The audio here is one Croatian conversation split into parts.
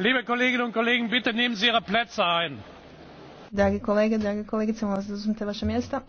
Liebe Kolleginnen und Kollegen, bitte nehmen Sie Ihre Plätze ein. Dragi kolege, dragi kolegice, molim vas da uzmete vaše mjesta.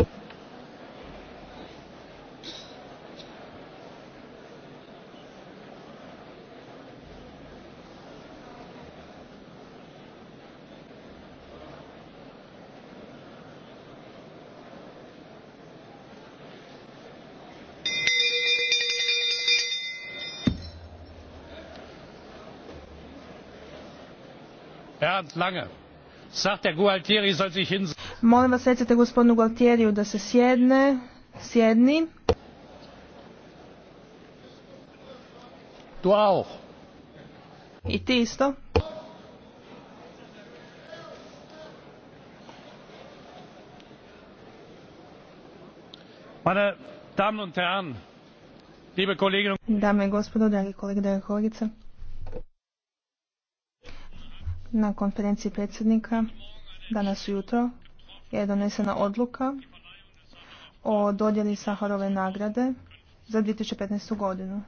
Molim vas recite gospodinu Gualtieriju da se sjedne. Sjedni. I ti isto. Meine Damen und Herren, liebe Kolleginnen und Dame gospodo, na konferenciji predsjednika danas ujutro je donesena odluka o dodjeli Saharove nagrade za 2015. godinu.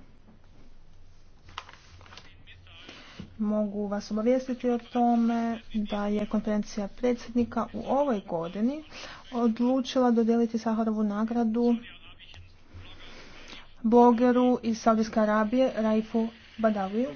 Mogu vas obavijestiti o tome da je konferencija predsjednika u ovoj godini odlučila dodijeliti Saharovu nagradu blogeru iz Saudijske Arabije Raifu Badaviju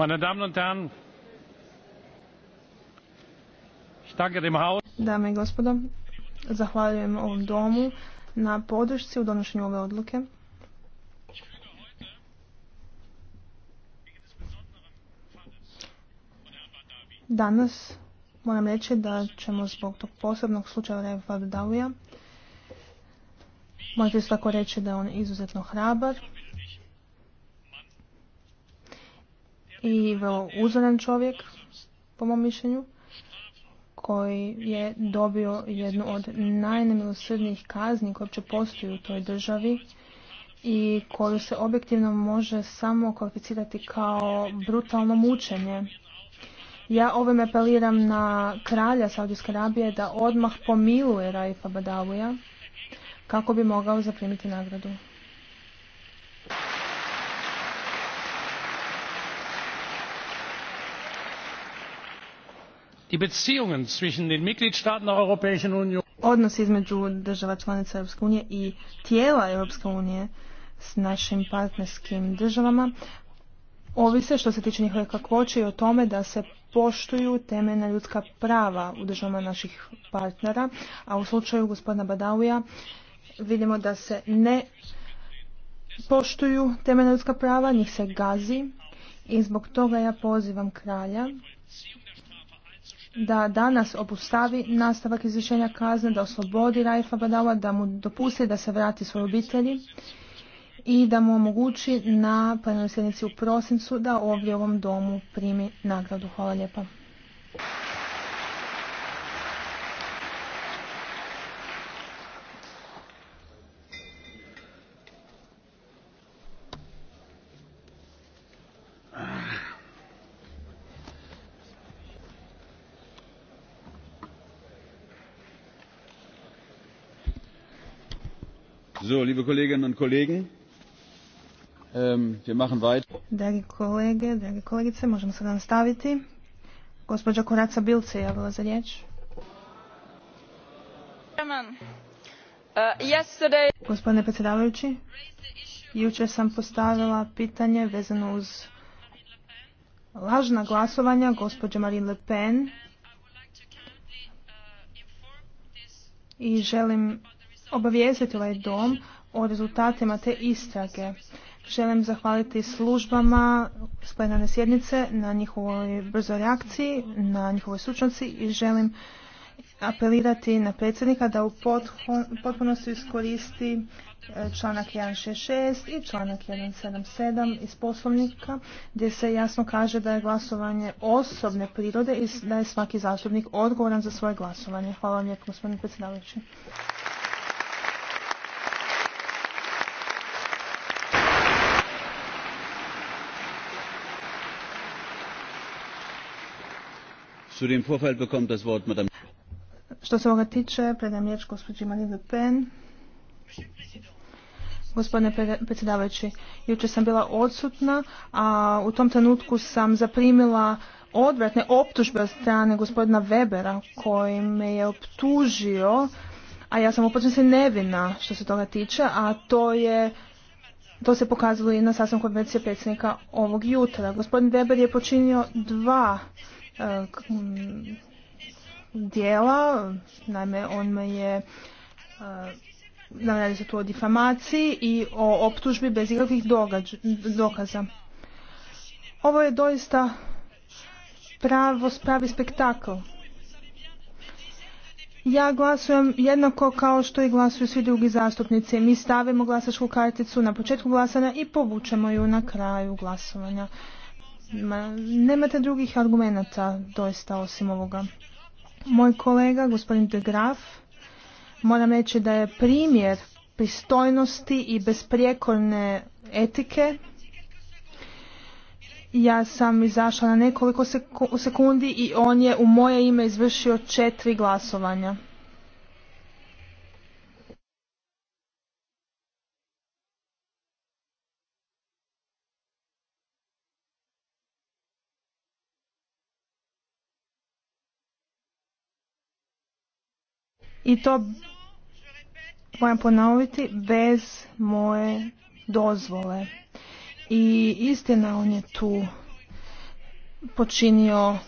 meine Damen und Herren, ich danke dem Haus. Dame i gospodo, zahvaljujem ovom domu na podršci u donošenju ove odluke. Danas moram reći da ćemo zbog tog posebnog slučaja Refa Vardavija, svako tako reći da je on izuzetno hrabar i vrlo uzoran čovjek, po mom mišljenju, koji je dobio jednu od najnemilosrdnijih kazni koje uopće postoji u toj državi i koju se objektivno može samo kvalificirati kao brutalno mučenje. Ja ovim apeliram na kralja Saudijske Arabije da odmah pomiluje Raifa Badawija kako bi mogao zaprimiti nagradu. die beziehungen zwischen den mitgliedstaaten der europäischen union odnos između država članica Europske unije i tijela Europske unije s našim partnerskim državama ovise što se tiče njihove kakvoće i o tome da se poštuju temeljna ljudska prava u državama naših partnera, a u slučaju gospodina Badauja vidimo da se ne poštuju temeljna ljudska prava, njih se gazi i zbog toga ja pozivam kralja da danas obustavi nastavak izvršenja kazne, da oslobodi Raifa Badawa, da mu dopusti da se vrati svojoj obitelji i da mu omogući na plenarnoj sjednici u prosincu da ovdje u ovom domu primi nagradu. Hvala lijepa. Ähm, dragi kolege, dragi kolegice, možemo sada nastaviti. Gospođa Koraca Bilce javila za riječ. Uh, Gospodine predsjedavajući, jučer sam postavila pitanje vezano uz lažna glasovanja gospođe Marine Le Pen i želim obavijestiti ovaj dom o rezultatima te istrage. Želim zahvaliti službama s sjednice na njihovoj brzoj reakciji, na njihovoj sučnosti i želim apelirati na predsjednika da u potpunosti iskoristi e, članak 166 i članak 177 iz poslovnika gdje se jasno kaže da je glasovanje osobne prirode i da je svaki zastupnik odgovoran za svoje glasovanje. Hvala vam lijepo gospodine predsjedavajući. Što se ovoga tiče, predam gospođi Le Pen. Gospodine predsjedavajući, juče sam bila odsutna, a u tom trenutku sam zaprimila odvratne optužbe od strane gospodina Webera koji me je optužio, a ja sam u se nevina što se toga tiče, a to je to se pokazalo i na sasvom konvencije predsjednika ovog jutra. Gospodin Weber je počinio dva E, dijela, naime on me je e, radi se tu o difamaciji i o optužbi bez ikakvih dokaza. Ovo je doista pravo, pravi spektakl. Ja glasujem jednako kao što i glasuju svi drugi zastupnici. Mi stavimo glasačku karticu na početku glasanja i povučemo ju na kraju glasovanja. Ma, nemate drugih argumenata doista osim ovoga. Moj kolega, gospodin De Graf, moram reći da je primjer pristojnosti i besprijekorne etike. Ja sam izašla na nekoliko sekundi i on je u moje ime izvršio četiri glasovanja. I to moram ponoviti bez moje dozvole. I istina on je tu počinio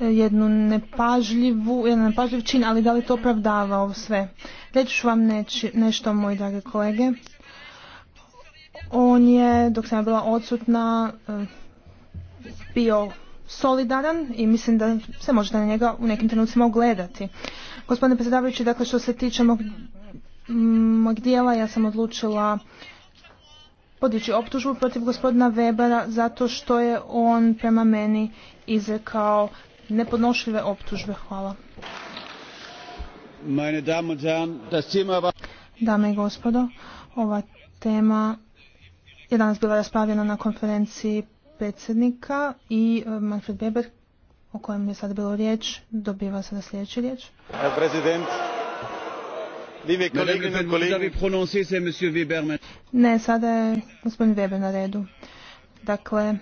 e, jednu nepažljivu, jedan nepažljiv čin, ali da li to opravdava ovo sve? Reći ću vam nešto, moji drage kolege. On je, dok sam bila odsutna, e, bio solidaran i mislim da se možete na njega u nekim trenucima ogledati. Gospodine predsjedavajući, dakle što se tiče mog, mog dijela, ja sam odlučila podići optužbu protiv gospodina Webera zato što je on prema meni izrekao nepodnošljive optužbe. Hvala. Dame i gospodo, ova tema je danas bila raspravljena na konferenciji predsjednika i eh, Manfred Weber o kojem je sad bilo riječ, dobiva se na sljedeći riječ. Ne, sada je gospodin Weber na redu. Dakle, eh,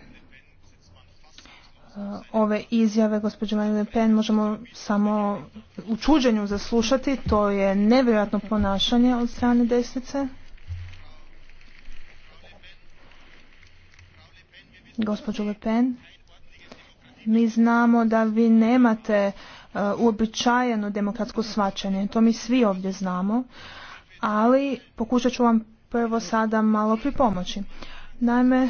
ove izjave gospođe Marine Le Pen možemo samo u čuđenju zaslušati. To je nevjerojatno ponašanje od strane desnice. Gospođo Le Pen, mi znamo da vi nemate e, uobičajeno demokratsko svačanje, to mi svi ovdje znamo, ali pokušat ću vam prvo sada malo pripomoći. Naime,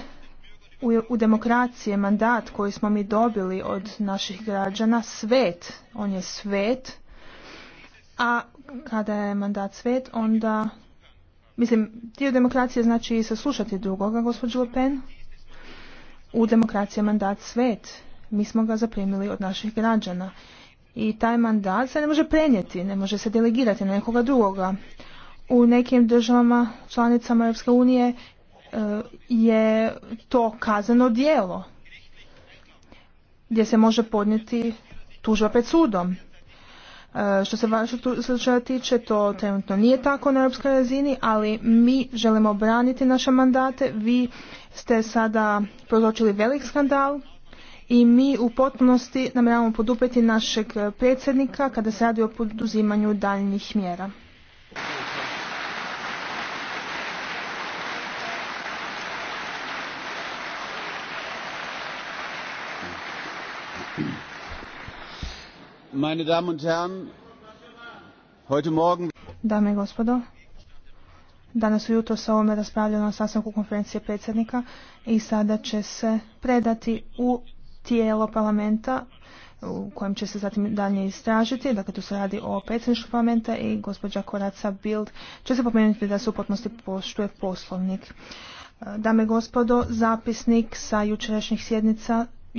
u, u demokracije mandat koji smo mi dobili od naših građana, svet, on je svet, a kada je mandat svet, onda, mislim, dio demokracije znači i saslušati drugoga, gospođo Le Pen. U demokracije mandat svet mi smo ga zaprimili od naših građana. I taj mandat se ne može prenijeti, ne može se delegirati na nekoga drugoga. U nekim državama, članicama Europske unije, e, je to kazano djelo gdje se može podnijeti tužba pred sudom. E, što se vašeg slučaja tiče, to trenutno nije tako na europskoj razini, ali mi želimo braniti naše mandate. Vi ste sada prozočili velik skandal i mi u potpunosti namjeravamo poduprijeti našeg predsjednika kada se radi o poduzimanju daljnjih mjera. Meine Damen und Herren, heute morgen... Dame i gospodo, danas ujutro se ovome raspravljamo na sastanku konferencije predsjednika i sada će se predati u tijelo parlamenta u kojem će se zatim dalje istražiti. Dakle, tu se radi o predsjedništvu parlamenta i gospođa Koraca Bild će se pomenuti da se u potpunosti poštuje poslovnik. Dame i gospodo, zapisnik sa jučerašnjih sjednica